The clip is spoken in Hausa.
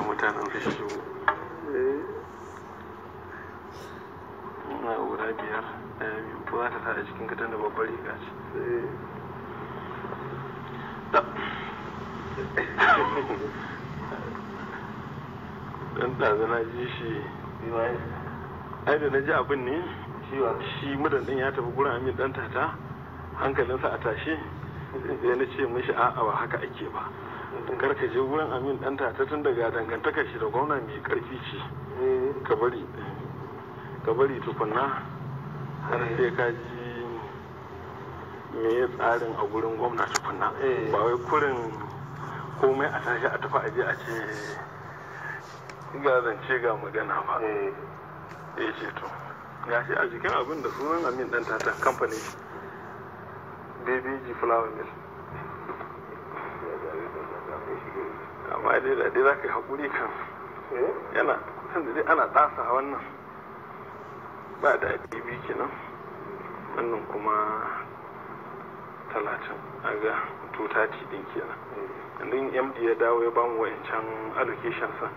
ga mutanen bishiyu na guda biyar ɗaya biyu ko za ta sa a cikin gidan da babbar riga ce dan ɗazu na ji shi ai da na ji abin ne shi mudan ɗin ya tafi gura amin ɗan tata hankalinsa a tashe sai ce mishi a'a ba haka ake ba Kar ka je wurin amin dan tata tun daga dangantakar shi da gwamna mai karfi ce eh, ka bari tukuna bari tukunna har sai ka ji me tsarin a gurin gwamna tukunna eh. ba wai kurin komai a tashi a tafi aje a ce ga ga magana ba ya eh. ce to ya ce a jikin abin da sunan amin dan tata kamfani bbg flower mill amma dai da dai za ka yi haƙuri kan eh? yana kusan da dai ana ɗasa wannan ba da ɗibi kenan wannan kuma talatin a ga ci ɗin kenan yanzu eh. md ya dawo ya bamu wayancan allocation sa